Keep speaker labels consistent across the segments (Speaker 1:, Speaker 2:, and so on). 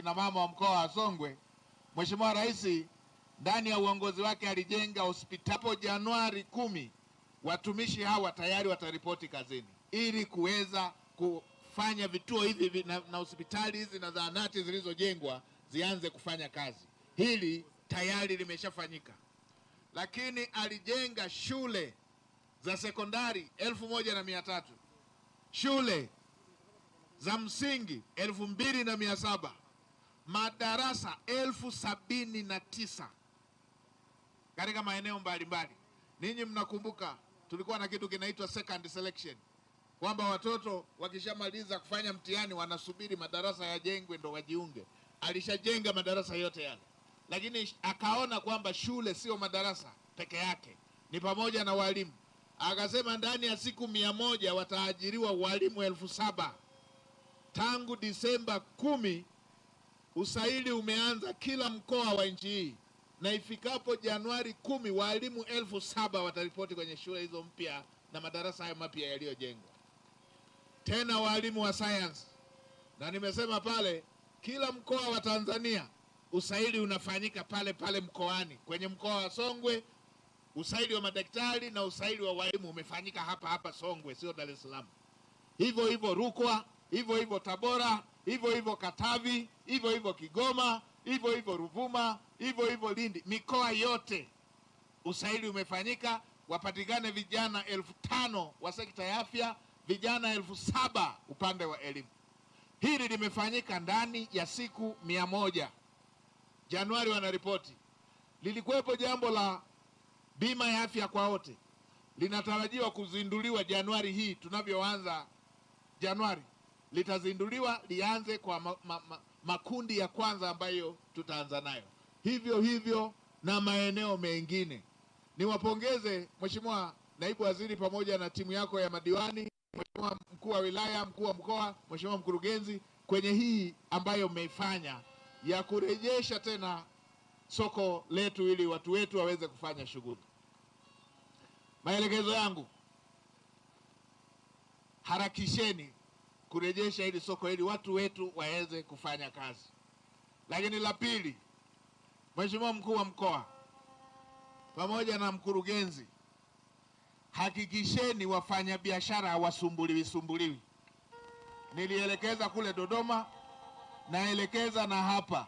Speaker 1: kina mama wa mkoa wa Songwe, Mheshimiwa Rais ndani ya uongozi wake alijenga hospitali. Januari kumi watumishi hawa tayari wataripoti kazini ili kuweza kufanya vituo hivi na hospitali hizi na zahanati zilizojengwa zianze kufanya kazi. Hili tayari limeshafanyika, lakini alijenga shule za sekondari elfu moja na mia tatu shule za msingi elfu mbili na mia saba madarasa elfu sabini na tisa katika maeneo mbalimbali. Ninyi mnakumbuka tulikuwa na kitu kinaitwa second selection, kwamba watoto wakishamaliza kufanya mtihani wanasubiri madarasa yajengwe ndo wajiunge. Alishajenga madarasa yote yale, lakini akaona kwamba shule sio madarasa peke yake, ni pamoja na walimu. Akasema ndani ya siku mia moja wataajiriwa walimu elfu saba tangu Disemba kumi Usaili umeanza kila mkoa wa nchi hii, na ifikapo Januari kumi waalimu elfu saba wataripoti kwenye shule hizo mpya na madarasa hayo mapya yaliyojengwa. Tena walimu wa sayansi, na nimesema pale, kila mkoa wa Tanzania usaili unafanyika pale pale mkoani. Kwenye mkoa wa Songwe usaili wa madaktari na usaili wa walimu umefanyika hapa hapa Songwe, sio Dar es Salaam. Hivyo hivyo Rukwa, hivyo hivyo Tabora, hivyo hivyo Katavi, hivyo hivyo Kigoma, hivyo hivyo Ruvuma, hivyo hivyo Lindi, mikoa yote usaili umefanyika, wapatikane vijana elfu tano wa sekta ya afya, vijana elfu saba upande wa elimu. Hili limefanyika ndani ya siku mia moja. Januari wanaripoti lilikuwepo jambo la bima ya afya kwa wote linatarajiwa kuzinduliwa Januari hii tunavyoanza Januari litazinduliwa lianze kwa ma, ma, ma, makundi ya kwanza ambayo tutaanza nayo, hivyo hivyo na maeneo mengine. Niwapongeze Mheshimiwa Naibu Waziri pamoja na timu yako ya madiwani, Mheshimiwa Mkuu wa Wilaya, Mkuu wa Mkoa, Mheshimiwa Mkurugenzi, kwenye hii ambayo mmeifanya ya kurejesha tena soko letu ili watu wetu waweze kufanya shughuli. Maelekezo yangu, harakisheni kurejesha hili soko ili watu wetu waweze kufanya kazi. Lakini la pili, Mheshimiwa mkuu wa mkoa pamoja na mkurugenzi, hakikisheni wafanyabiashara hawasumbuliwi sumbuliwi. Nilielekeza kule Dodoma, naelekeza na hapa.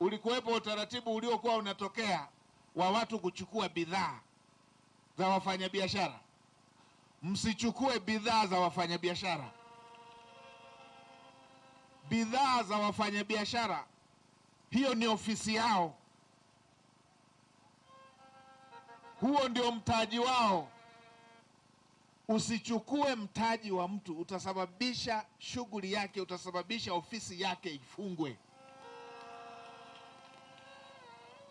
Speaker 1: Ulikuwepo utaratibu uliokuwa unatokea wa watu kuchukua bidhaa za wafanyabiashara. Msichukue bidhaa za wafanyabiashara bidhaa za wafanyabiashara, hiyo ni ofisi yao, huo ndio mtaji wao. Usichukue mtaji wa mtu, utasababisha shughuli yake, utasababisha ofisi yake ifungwe.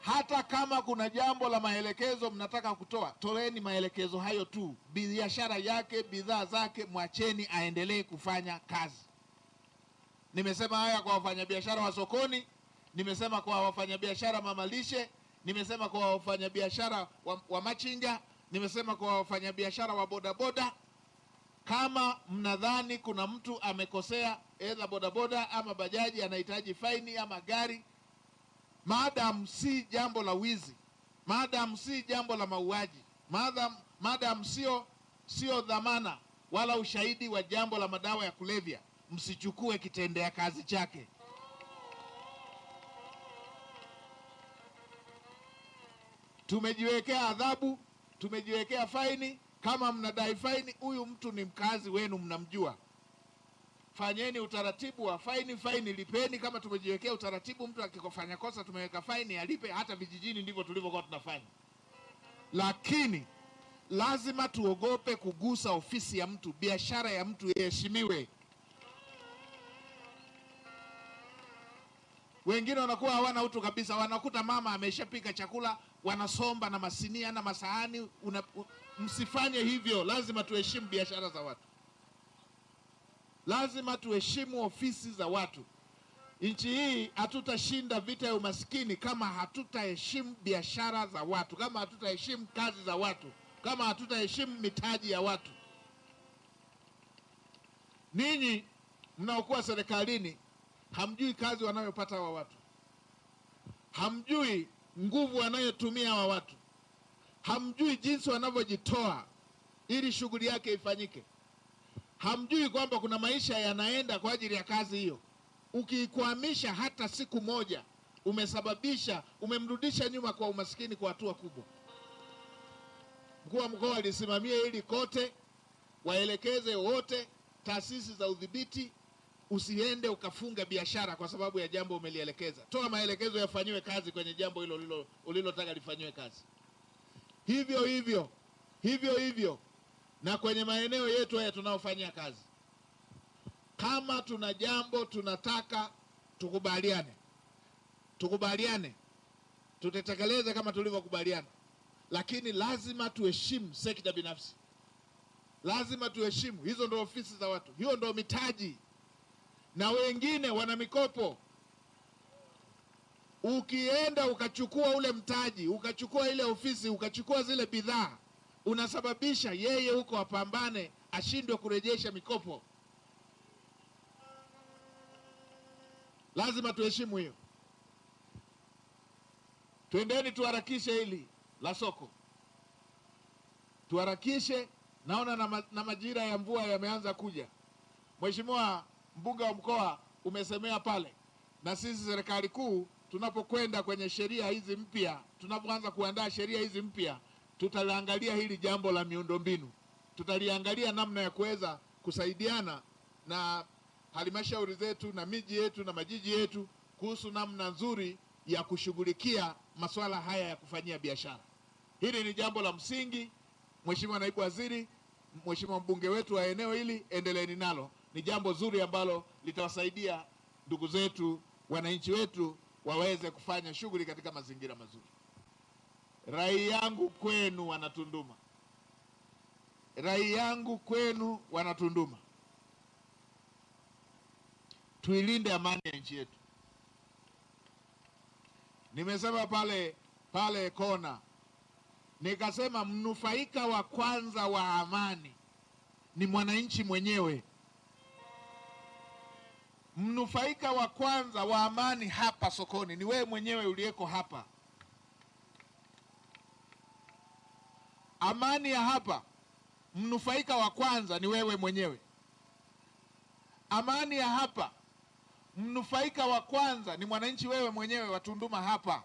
Speaker 1: Hata kama kuna jambo la maelekezo mnataka kutoa, toeni maelekezo hayo tu. Biashara yake, bidhaa zake, mwacheni aendelee kufanya kazi. Nimesema haya kwa wafanyabiashara wa sokoni, nimesema kwa wafanyabiashara mamalishe, nimesema kwa wafanyabiashara wa, wa machinga, nimesema kwa wafanyabiashara wa bodaboda. Kama mnadhani kuna mtu amekosea, aidha bodaboda ama bajaji, anahitaji faini ama gari, maadamu si jambo la wizi, maadamu si jambo la mauaji, maadamu maadamu sio sio dhamana wala ushahidi wa jambo la madawa ya kulevya msichukue kitendea kazi chake. Tumejiwekea adhabu, tumejiwekea faini. Kama mnadai faini, huyu mtu ni mkazi wenu, mnamjua, fanyeni utaratibu wa faini. Faini lipeni, kama tumejiwekea utaratibu, mtu akikofanya kosa tumeweka faini alipe. Hata vijijini ndivyo tulivyokuwa tunafanya, lakini lazima tuogope kugusa ofisi ya mtu, biashara ya mtu iheshimiwe. Wengine wanakuwa hawana utu kabisa, wanakuta mama ameshapika chakula, wanasomba na masinia na masahani una, msifanye hivyo. Lazima tuheshimu biashara za watu, lazima tuheshimu ofisi za watu. Nchi hii hatutashinda vita ya umaskini kama hatutaheshimu biashara za watu, kama hatutaheshimu kazi za watu, kama hatutaheshimu mitaji ya watu. Ninyi mnaokuwa serikalini Hamjui kazi wanayopata hawa watu, hamjui nguvu wanayotumia hawa watu, hamjui jinsi wanavyojitoa ili shughuli yake ifanyike, hamjui kwamba kuna maisha yanaenda kwa ajili ya kazi hiyo. Ukiikwamisha hata siku moja, umesababisha umemrudisha nyuma kwa umaskini kwa hatua kubwa. Mkuu wa mkoa alisimamia hili kote, waelekeze wote taasisi za udhibiti Usiende ukafunga biashara kwa sababu ya jambo umelielekeza. Toa maelekezo yafanyiwe kazi kwenye jambo hilo ulilotaka lifanyiwe kazi. Hivyo hivyo hivyo hivyo na kwenye maeneo yetu haya tunaofanyia kazi, kama tuna jambo tunataka tukubaliane, tukubaliane tutetekeleze kama tulivyokubaliana, lakini lazima tuheshimu sekta binafsi, lazima tuheshimu. Hizo ndo ofisi za watu, hiyo ndo mitaji na wengine wana mikopo. Ukienda ukachukua ule mtaji, ukachukua ile ofisi, ukachukua zile bidhaa, unasababisha yeye huko apambane, ashindwe kurejesha mikopo. Lazima tuheshimu hiyo. Twendeni tuharakishe hili la soko, tuharakishe. Naona na majira ya mvua yameanza kuja. Mheshimiwa mbunge wa mkoa umesemea pale, na sisi serikali kuu tunapokwenda kwenye sheria hizi mpya, tunapoanza kuandaa sheria hizi mpya, tutaliangalia hili jambo la miundombinu, tutaliangalia namna ya kuweza kusaidiana na halmashauri zetu na miji yetu na majiji yetu kuhusu namna nzuri ya kushughulikia masuala haya ya kufanyia biashara. Hili ni jambo la msingi. Mheshimiwa Naibu Waziri, Mheshimiwa mbunge wetu wa eneo hili, endeleeni nalo ni jambo zuri ambalo litawasaidia ndugu zetu wananchi wetu waweze kufanya shughuli katika mazingira mazuri. Rai yangu kwenu Wanatunduma, rai yangu kwenu Wanatunduma, tuilinde amani ya nchi yetu. Nimesema pale pale kona, nikasema mnufaika wa kwanza wa amani ni mwananchi mwenyewe mnufaika wa kwanza wa amani hapa sokoni ni wewe mwenyewe uliyeko hapa. Amani ya hapa, mnufaika wa kwanza ni wewe mwenyewe. Amani ya hapa, mnufaika wa kwanza ni mwananchi wewe mwenyewe wa Tunduma hapa.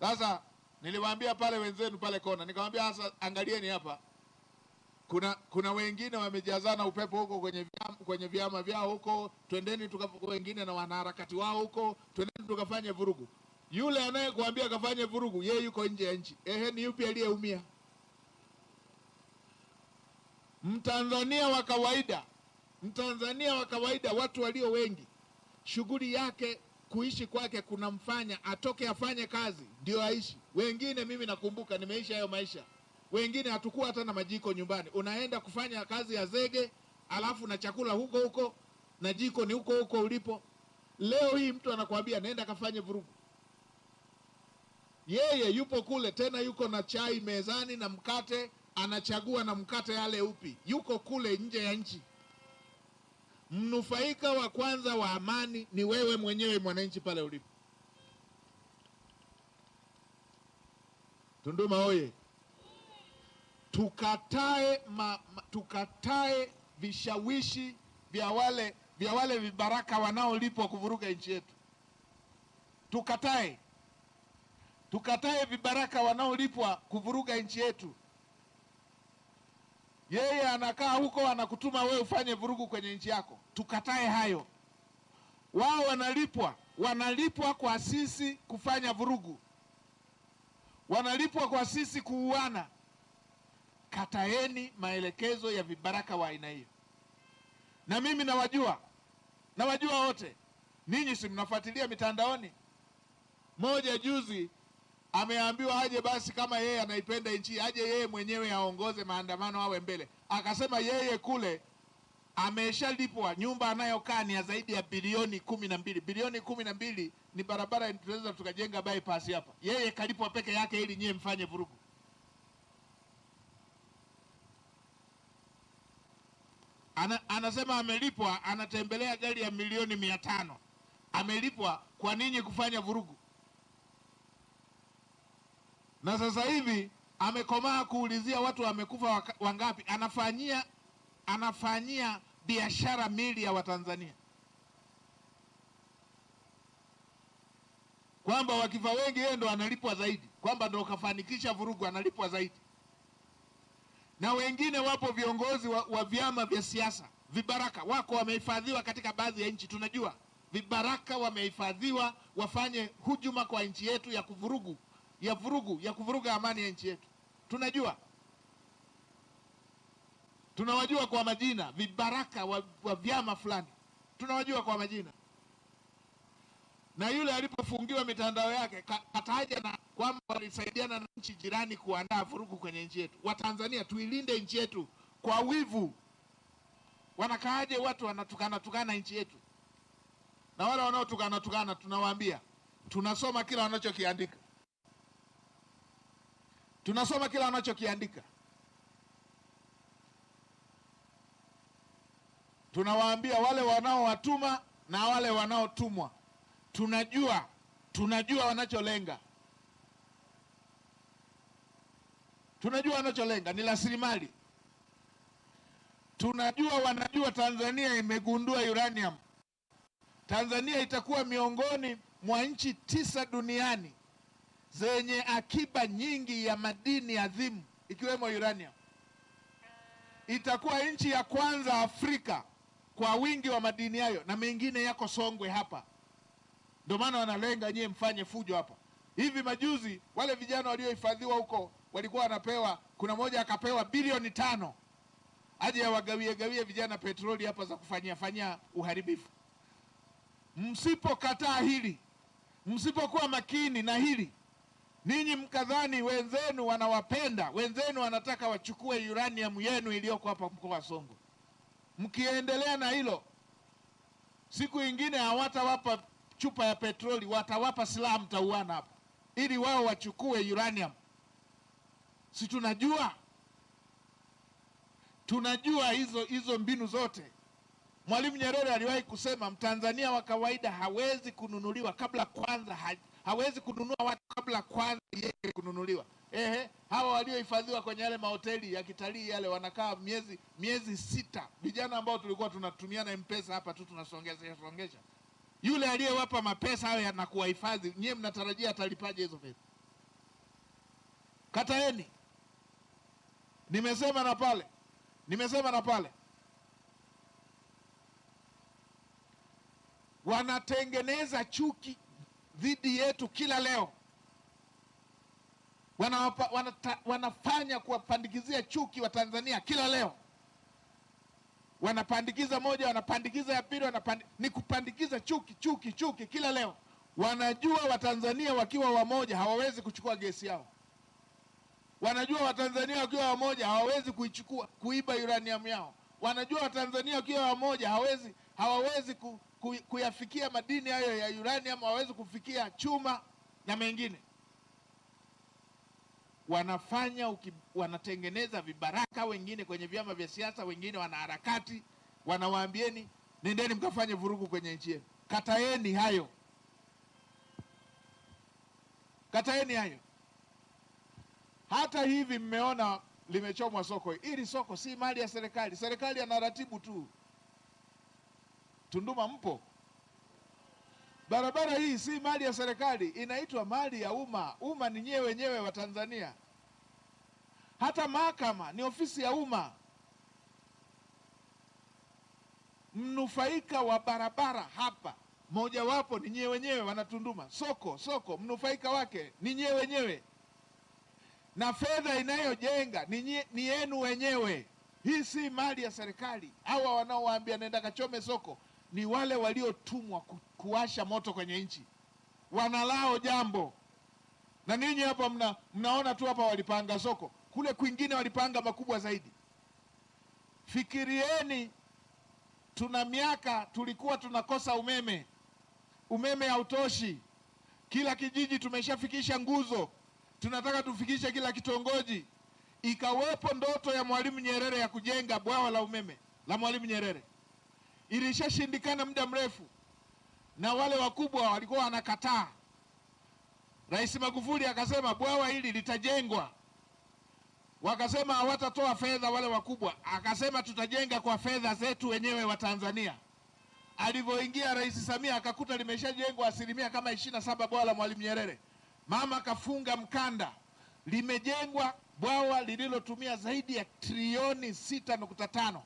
Speaker 1: Sasa niliwaambia pale wenzenu pale kona, nikamwambia sasa, angalieni hapa kuna kuna wengine wamejazana upepo huko kwenye vyama, kwenye vyama vyao huko, twendeni tuka wengine na wanaharakati wao huko, twendeni tukafanye vurugu. Yule anayekuambia kafanye vurugu, yeye yuko nje ya nchi. Ehe, ni yupi aliyeumia? Mtanzania wa kawaida, Mtanzania wa kawaida, watu walio wengi, shughuli yake kuishi kwake kunamfanya atoke afanye kazi ndio aishi. Wengine mimi nakumbuka nimeisha hayo maisha wengine hatukuwa hata na majiko nyumbani. Unaenda kufanya kazi ya zege, alafu na chakula huko huko na jiko ni huko huko ulipo. Leo hii mtu anakuambia naenda kafanye vurugu, yeye yupo kule tena, yuko na chai mezani na mkate, anachagua na mkate yale upi, yuko kule nje ya nchi. Mnufaika wa kwanza wa amani ni wewe mwenyewe mwananchi pale ulipo. Tunduma oye! tukatae, ma, tukatae vishawishi vya wale vya wale vibaraka wanaolipwa kuvuruga nchi yetu. Tukatae, tukatae vibaraka wanaolipwa kuvuruga nchi yetu. Yeye anakaa huko anakutuma wewe ufanye vurugu kwenye nchi yako, tukatae hayo. Wao wanalipwa, wanalipwa kwa sisi kufanya vurugu, wanalipwa kwa sisi kuuana kataeni maelekezo ya vibaraka wa aina hiyo. Na mimi nawajua, nawajua wote ninyi, si mnafuatilia mitandaoni. Moja juzi ameambiwa aje basi, kama yeye anaipenda nchi aje yeye mwenyewe aongoze maandamano, awe mbele. Akasema yeye kule ameshalipwa nyumba anayokaa ni ya zaidi ya bilioni kumi na mbili bilioni kumi na mbili ni barabara tunaweza tukajenga bypass hapa, yeye kalipwa peke yake ili nyie mfanye vurugu. ana, anasema amelipwa, anatembelea gari ya milioni mia tano amelipwa. Kwa nini kufanya vurugu? Na sasa hivi amekomaa kuulizia watu wamekufa wangapi, anafanyia anafanyia biashara mili ya Watanzania kwamba wakifa wengi yeye ndo analipwa zaidi, kwamba ndo kafanikisha vurugu, analipwa zaidi na wengine wapo viongozi wa, wa vyama vya siasa vibaraka wako wamehifadhiwa katika baadhi ya nchi, tunajua vibaraka wamehifadhiwa wafanye hujuma kwa nchi yetu ya kuvurugu ya vurugu ya kuvuruga amani ya nchi yetu, tunajua tunawajua kwa majina vibaraka wa, wa vyama fulani tunawajua kwa majina na yule alipofungiwa mitandao yake kataja na kwamba walisaidiana na nchi jirani kuandaa vurugu kwenye nchi yetu. Watanzania, tuilinde nchi yetu kwa wivu. Wanakaaje watu wanatukana tukana nchi yetu? Na wale wanaotukana tukana tunawaambia, tunasoma kila wanachokiandika, tunasoma kila wanachokiandika. Tunawaambia wale wanaowatuma na wale wanaotumwa tunajua tunajua wanacholenga, tunajua wanacholenga ni rasilimali. Tunajua wanajua Tanzania imegundua uranium. Tanzania itakuwa miongoni mwa nchi tisa duniani zenye akiba nyingi ya madini adhimu ikiwemo uranium. Itakuwa nchi ya kwanza Afrika kwa wingi wa madini hayo, na mengine yako Songwe hapa. Ndio maana wanalenga nyie mfanye fujo hapa. Hivi majuzi wale vijana waliohifadhiwa huko walikuwa wanapewa, kuna mmoja akapewa bilioni tano aje awagawie gawie vijana petroli hapa za kufanyia fanyia uharibifu. Msipokataa hili, msipokuwa makini na hili, ninyi mkadhani wenzenu wanawapenda, wenzenu wanataka wachukue uranium yenu iliyoko hapa mkoa wa Songwe. Mkiendelea na hilo, siku ingine hawatawapa chupa ya petroli, watawapa silaha, mtauana hapa ili wao wachukue uranium. Si tunajua tunajua hizo hizo mbinu zote. Mwalimu Nyerere aliwahi kusema Mtanzania wa kawaida hawezi kununuliwa kabla kwanza ha, hawezi kununua watu kabla kwanza yeye kununuliwa. Ehe, hawa waliohifadhiwa kwenye yale mahoteli ya kitalii yale wanakaa miezi miezi sita, vijana ambao tulikuwa tunatumia na mpesa hapa tu tunasongesha songesha yule aliyewapa mapesa hayo yanakuwahifadhi nyie, mnatarajia atalipaje hizo pesa? Kataeni, nimesema na pale, nimesema na pale. Wanatengeneza chuki dhidi yetu kila leo, wanawapa, wanata, wanafanya kuwapandikizia chuki wa tanzania kila leo wanapandikiza moja, wanapandikiza ya pili, ni kupandikiza chuki, chuki, chuki kila leo. Wanajua Watanzania wakiwa wamoja hawawezi kuchukua gesi yao, wanajua Watanzania wakiwa wamoja hawawezi kuichukua kuiba uranium yao, wanajua Watanzania wakiwa wamoja hawawezi, hawawezi ku, ku, kuyafikia madini hayo ya uranium, hawawezi kufikia chuma na mengine wanafanya uki, wanatengeneza vibaraka wengine kwenye vyama vya siasa, wengine wanaharakati, wanawaambieni nendeni mkafanye vurugu kwenye nchi yenu. Kataeni hayo, kataeni hayo. Hata hivi mmeona limechomwa soko. Hili soko si mali ya serikali, serikali anaratibu tu. Tunduma mpo Barabara hii si mali ya serikali, inaitwa mali ya umma. Umma ni nyewe wenyewe wa Tanzania. Hata mahakama ni ofisi ya umma. Mnufaika wa barabara hapa mojawapo ni nyewe wenyewe Wanatunduma. Soko soko, mnufaika wake ni nyewe wenyewe, na fedha inayojenga ni yenu wenyewe. Hii si mali ya serikali. Hawa wanaowaambia nenda kachome soko ni wale waliotumwa kuwasha moto kwenye nchi, wanalao jambo. Na ninyi hapa mna, mnaona tu hapa walipanga soko, kule kwingine walipanga makubwa zaidi. Fikirieni, tuna miaka tulikuwa tunakosa umeme, umeme hautoshi. Kila kijiji tumeshafikisha nguzo, tunataka tufikishe kila kitongoji. Ikawepo ndoto ya Mwalimu Nyerere ya kujenga bwawa la umeme la Mwalimu Nyerere ilishashindikana muda mrefu, na wale wakubwa walikuwa wanakataa. Rais Magufuli akasema bwawa hili litajengwa, wakasema hawatatoa fedha wale wakubwa, akasema tutajenga kwa fedha zetu wenyewe wa Tanzania. Alivyoingia Rais Samia akakuta limeshajengwa asilimia kama ishirini na saba bwawa la Mwalimu Nyerere. Mama kafunga mkanda, limejengwa bwawa lililotumia zaidi ya trilioni sita nukta tano.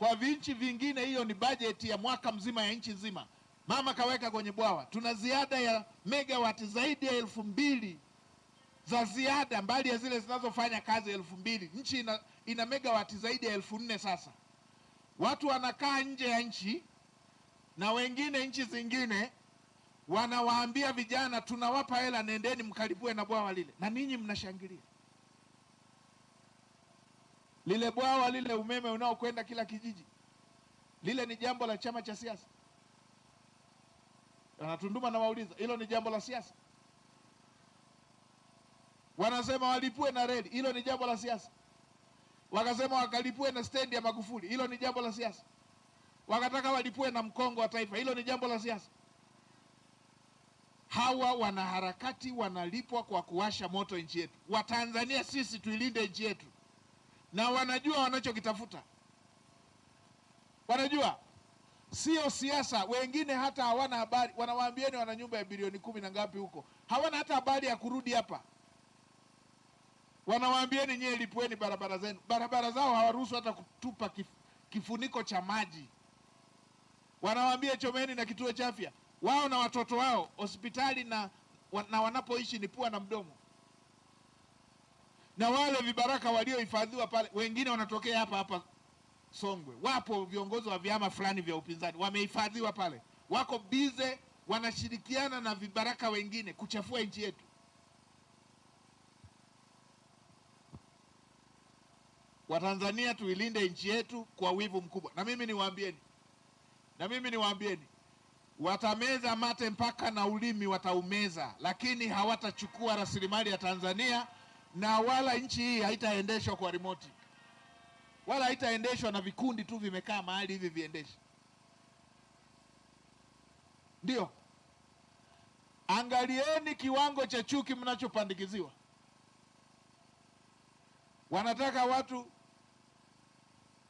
Speaker 1: Kwa vinchi vingine hiyo ni bajeti ya mwaka mzima ya nchi nzima. Mama kaweka kwenye bwawa, tuna ziada ya megawati zaidi ya elfu mbili za ziada mbali ya zile zinazofanya kazi elfu mbili. Nchi ina, ina megawati zaidi ya elfu nne sasa. Watu wanakaa nje ya nchi na wengine nchi zingine wanawaambia vijana, tunawapa hela, nendeni mkaribue na bwawa lile, na ninyi mnashangilia lile bwawa lile, umeme unaokwenda kila kijiji, lile ni jambo la chama cha siasa? Wanatunduma nawauliza, hilo ni jambo la siasa? Wanasema walipue na reli, hilo ni jambo la siasa? Wakasema wakalipue na stendi ya Magufuli, hilo ni jambo la siasa? Wakataka walipue na mkongo wa taifa, hilo ni jambo la siasa? Hawa wanaharakati wanalipwa kwa kuwasha moto nchi yetu. Watanzania sisi tuilinde nchi yetu na wanajua wanachokitafuta, wanajua sio siasa. Wengine hata hawana habari, wanawaambieni wana nyumba ya bilioni kumi na ngapi huko, hawana hata habari ya kurudi hapa. Wanawaambieni nyie lipueni barabara zenu. Barabara zao hawaruhusu hata kutupa kif, kifuniko cha maji. Wanawaambia chomeni na kituo cha afya wao na watoto wao hospitali na, na wanapoishi ni pua na mdomo na wale vibaraka waliohifadhiwa pale, wengine wanatokea hapa hapa Songwe. Wapo viongozi wa vyama fulani vya upinzani wamehifadhiwa pale, wako bize, wanashirikiana na vibaraka wengine kuchafua nchi yetu. Watanzania, tuilinde nchi yetu kwa wivu mkubwa. Na mimi niwaambieni, na mimi niwaambieni, watameza mate mpaka na ulimi wataumeza, lakini hawatachukua rasilimali ya Tanzania na wala nchi hii haitaendeshwa kwa remote, wala haitaendeshwa na vikundi tu vimekaa mahali hivi viendeshe. Ndio, angalieni kiwango cha chuki mnachopandikiziwa. Wanataka watu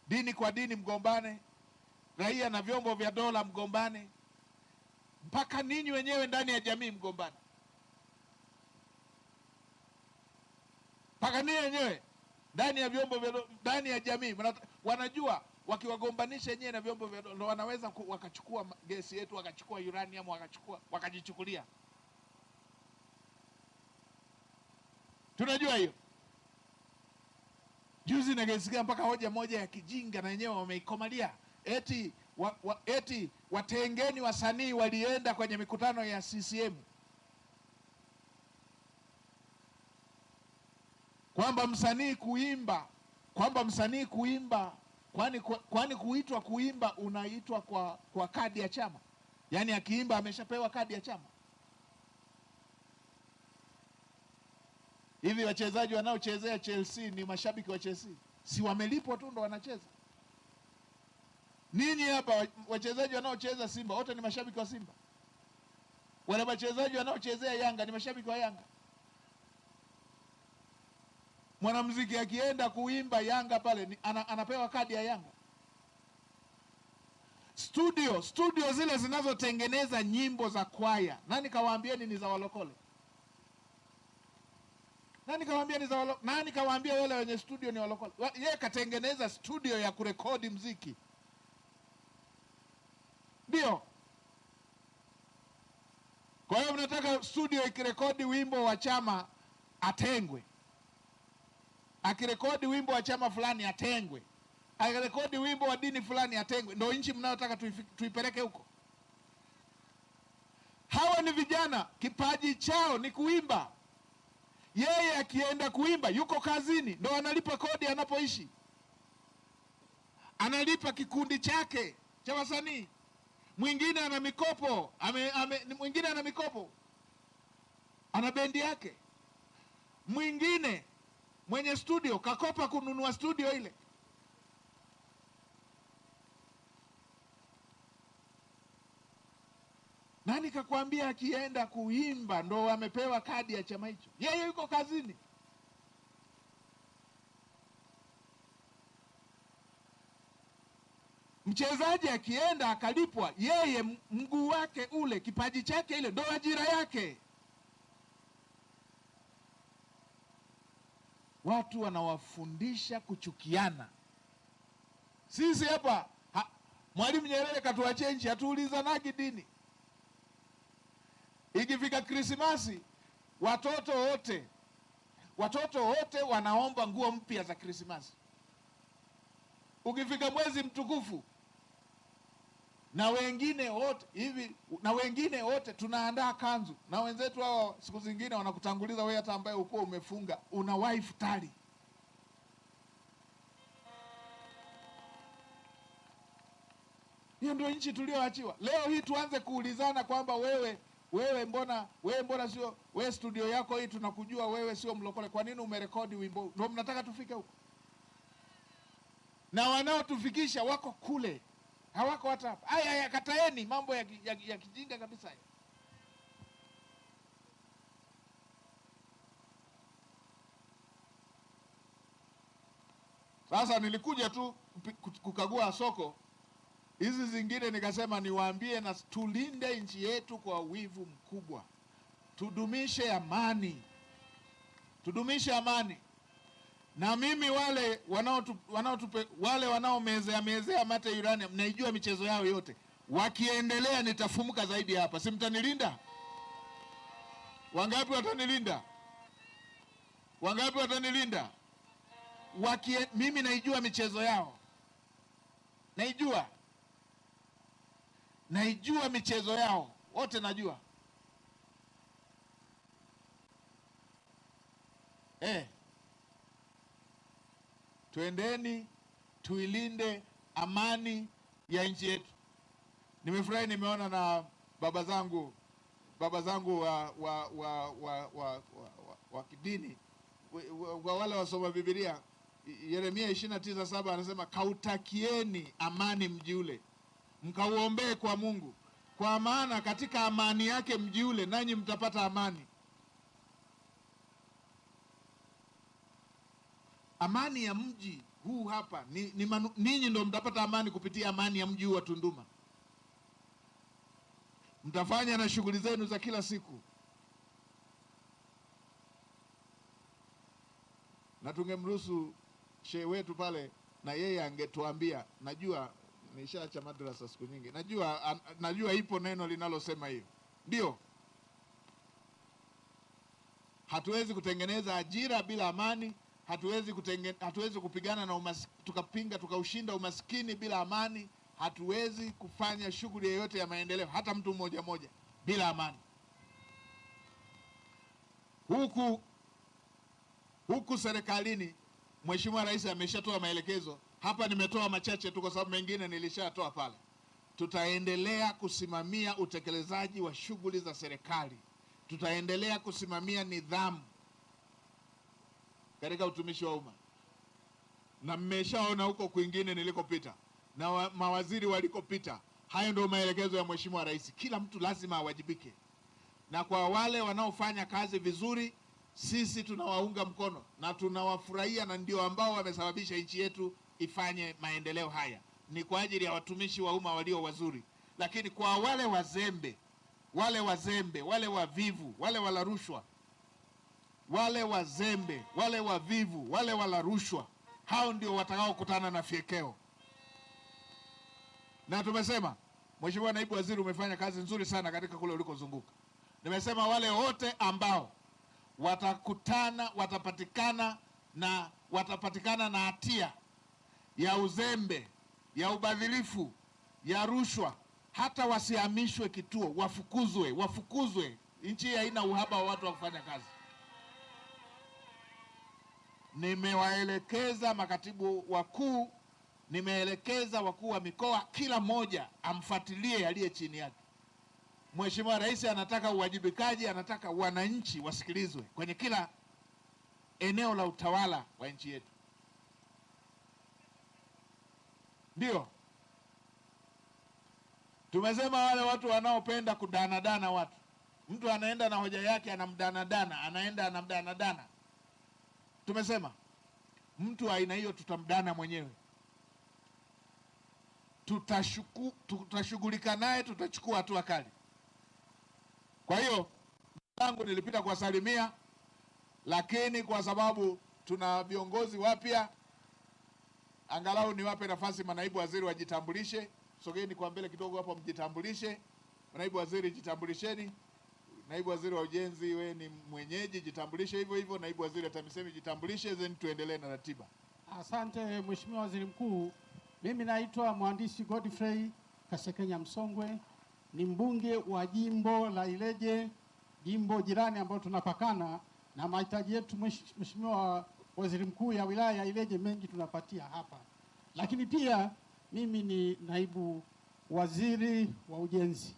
Speaker 1: dini kwa dini mgombane, raia na vyombo vya dola mgombane, mpaka ninyi wenyewe ndani ya jamii mgombane. mpaka ni yenyewe ndani ya vyombo vya ndani ya jamii wanajua wakiwagombanisha yenyewe na vyombo vya wanaweza wakachukua gesi yetu wakachukua uranium wakachukua wakajichukulia. Tunajua hiyo. Juzi na gesi mpaka hoja moja ya kijinga na yenyewe wameikomalia eti wa, wa, eti watengeni wasanii walienda kwenye mikutano ya CCM kwamba msanii kuimba, kwamba msanii kuimba, kwani kwani kuitwa kuimba unaitwa kwa, kwa kadi ya chama? Yaani akiimba ameshapewa kadi ya chama? Hivi wachezaji wanaochezea Chelsea ni mashabiki wa Chelsea? Si wamelipwa tu ndo wanacheza? Ninyi hapa wachezaji wanaocheza Simba wote ni mashabiki wa Simba? Wale wachezaji wanaochezea Yanga ni mashabiki wa Yanga? Mwanamuziki akienda kuimba Yanga pale ana, anapewa kadi ya Yanga. Studio studio zile zinazotengeneza nyimbo za kwaya, nani kawaambieni ni za walokole? Nani kawaambia ni za walo, nani kawaambia wale wenye studio ni walokole? Yeye katengeneza studio ya kurekodi mziki, ndio kwa hiyo mnataka studio ikirekodi wimbo wa chama atengwe? akirekodi wimbo wa chama fulani atengwe, akirekodi wimbo wa dini fulani atengwe. Ndio nchi mnayotaka tuipeleke huko? Hawa ni vijana, kipaji chao ni kuimba. Yeye akienda kuimba, yuko kazini, ndo analipa kodi anapoishi, analipa kikundi chake cha wasanii. Mwingine ana mikopo ame, ame, mwingine ana mikopo, ana bendi yake. Mwingine mwenye studio kakopa kununua studio ile. Nani kakwambia akienda kuimba ndo amepewa kadi ya chama hicho? Yeye yuko kazini. Mchezaji akienda akalipwa, yeye mguu wake ule, kipaji chake ile ndo ajira yake. watu wanawafundisha kuchukiana. Sisi hapa ha, Mwalimu Nyerere katuachia nchi, hatuulizanagi dini. Ikifika Krismasi, watoto wote watoto wote wanaomba nguo mpya za Krismasi. Ukifika mwezi mtukufu na wengine wote hivi, na wengine wote tunaandaa kanzu, na wenzetu hawa siku zingine wanakutanguliza wewe, hata ambaye ukuwa umefunga una iftari. Hiyo ndio nchi tulioachiwa. Leo hii tuanze kuulizana kwamba wewe wewe mbona wewe mbona sio wewe, studio yako hii tunakujua wewe sio mlokole, kwa nini umerekodi wimbo? Ndio mnataka tufike huko, na wanaotufikisha wako kule hawako hata hapa. Haya ya kataeni mambo ya, ya, ya kijinga kabisa ya. Sasa nilikuja tu kukagua soko hizi zingine, nikasema niwaambie, na tulinde nchi yetu kwa wivu mkubwa, tudumishe amani, tudumishe amani na mimi wale wanaotu, wanaotupe, wale wanaomezea mezea mate urani, mnaijua michezo yao yote. Wakiendelea nitafumuka zaidi hapa, si mtanilinda? Wangapi watanilinda? Wangapi watanilinda? Wakie, mimi naijua michezo yao, naijua naijua michezo yao wote, najua eh. Twendeni tuilinde amani ya nchi yetu. Nimefurahi, nimeona na baba zangu baba zangu wa, wa, wa, wa, wa, wa, wa kidini kwa wale wasoma Biblia, Yeremia 29:7 anasema kautakieni amani mji ule, mkauombee kwa Mungu, kwa maana katika amani yake mji ule nanyi mtapata amani. Amani ya mji huu hapa ni, ni manu, ninyi ndo mtapata amani kupitia amani ya mji huu wa Tunduma. Mtafanya na shughuli zenu za kila siku, na tungemruhusu shehe wetu pale, na yeye angetuambia. Najua nishaacha madrasa siku nyingi, najua an, najua ipo neno linalosema hiyo, ndio hatuwezi kutengeneza ajira bila amani hatuwezi, kutenge, hatuwezi kupigana na umas, tukapinga tukaushinda umaskini bila amani. Hatuwezi kufanya shughuli yoyote ya maendeleo hata mtu mmoja mmoja bila amani. Huku huku serikalini, Mheshimiwa Rais ameshatoa maelekezo hapa, nimetoa machache tu kwa sababu mengine nilishatoa pale. Tutaendelea kusimamia utekelezaji wa shughuli za serikali, tutaendelea kusimamia nidhamu katika utumishi wa umma, na mmeshaona huko kwingine nilikopita na wa, mawaziri walikopita. Hayo ndio maelekezo ya Mheshimiwa Rais, kila mtu lazima awajibike, na kwa wale wanaofanya kazi vizuri sisi tunawaunga mkono na tunawafurahia, na ndio ambao wamesababisha nchi yetu ifanye maendeleo haya. Ni kwa ajili ya watumishi wa umma walio wazuri, lakini kwa wale wazembe, wale wazembe, wale wavivu, wale wala rushwa wale wazembe, wale wavivu, wale wala rushwa, hao ndio watakaokutana na fyekeo. Na tumesema Mheshimiwa Naibu Waziri, umefanya kazi nzuri sana katika kule ulikozunguka. Nimesema wale wote ambao watakutana watapatikana na watapatikana na hatia ya uzembe, ya ubadhilifu, ya rushwa, hata wasihamishwe kituo, wafukuzwe, wafukuzwe. Nchi haina uhaba wa watu wa kufanya kazi nimewaelekeza makatibu wakuu, nimeelekeza wakuu wa mikoa, kila mmoja amfuatilie aliye chini yake. Mheshimiwa Rais anataka uwajibikaji, anataka wananchi wasikilizwe kwenye kila eneo la utawala wa nchi yetu. Ndio tumesema wale watu wanaopenda kudanadana watu, mtu anaenda na hoja yake anamdanadana, anaenda anamdanadana Tumesema mtu wa aina hiyo tutamdana mwenyewe, tutashughulika naye, tutachukua hatua kali. Kwa hiyo tangu nilipita kuwasalimia, lakini kwa sababu tuna viongozi wapya, angalau niwape nafasi manaibu waziri wajitambulishe. Sogeni kwa mbele kidogo hapo, mjitambulishe. Manaibu waziri, jitambulisheni. Naibu Waziri wa Ujenzi, we ni mwenyeji, jitambulishe hivyo hivyo. Naibu Waziri wa TAMISEMI, jitambulishe, then tuendelee na ratiba.
Speaker 2: Asante Mheshimiwa Waziri Mkuu, mimi naitwa mwandishi Godfrey Kasekenya Msongwe, ni mbunge wa jimbo la Ileje, jimbo jirani ambayo tunapakana na mahitaji yetu Mheshimiwa Waziri Mkuu ya wilaya ya Ileje mengi tunapatia hapa, lakini pia mimi ni naibu waziri wa ujenzi.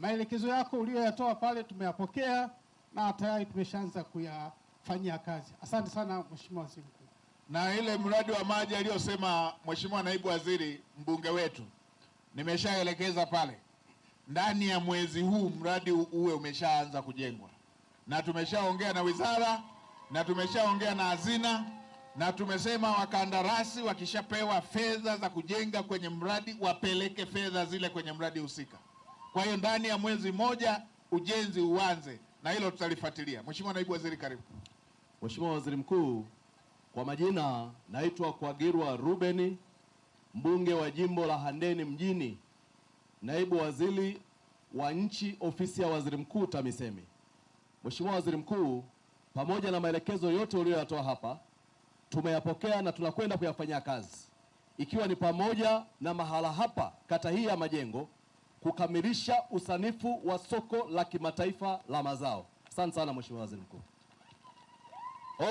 Speaker 2: Maelekezo yako uliyoyatoa pale tumeyapokea na tayari tumeshaanza kuyafanyia kazi. Asante sana Mheshimiwa Waziri Mkuu.
Speaker 1: Na ile mradi wa maji aliyosema Mheshimiwa Naibu Waziri, mbunge wetu, nimeshaelekeza pale, ndani ya mwezi huu mradi uwe umeshaanza kujengwa, na tumeshaongea na wizara na tumeshaongea na hazina na tumesema wakandarasi wakishapewa fedha za kujenga kwenye mradi wapeleke fedha zile kwenye mradi husika. Kwa hiyo ndani ya mwezi mmoja ujenzi uanze, na hilo tutalifuatilia. Mheshimiwa Naibu Waziri, karibu.
Speaker 3: Mheshimiwa Waziri Mkuu, kwa majina naitwa Kwagirwa Rubeni, mbunge wa jimbo la Handeni mjini, naibu waziri wa nchi ofisi ya waziri mkuu TAMISEMI. Mheshimiwa Waziri Mkuu, pamoja na maelekezo yote uliyoyatoa hapa tumeyapokea na tunakwenda kuyafanyia kazi, ikiwa ni pamoja na mahala hapa kata hii ya Majengo kukamilisha usanifu wa soko la kimataifa la mazao. Asante sana Mheshimiwa Waziri Mkuu.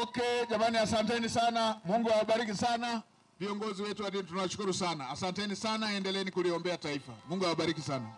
Speaker 1: Okay, jamani, asanteni sana. Mungu awabariki sana viongozi wetu wa dini, tunawashukuru sana. Asanteni sana, endeleeni kuliombea taifa. Mungu awabariki sana.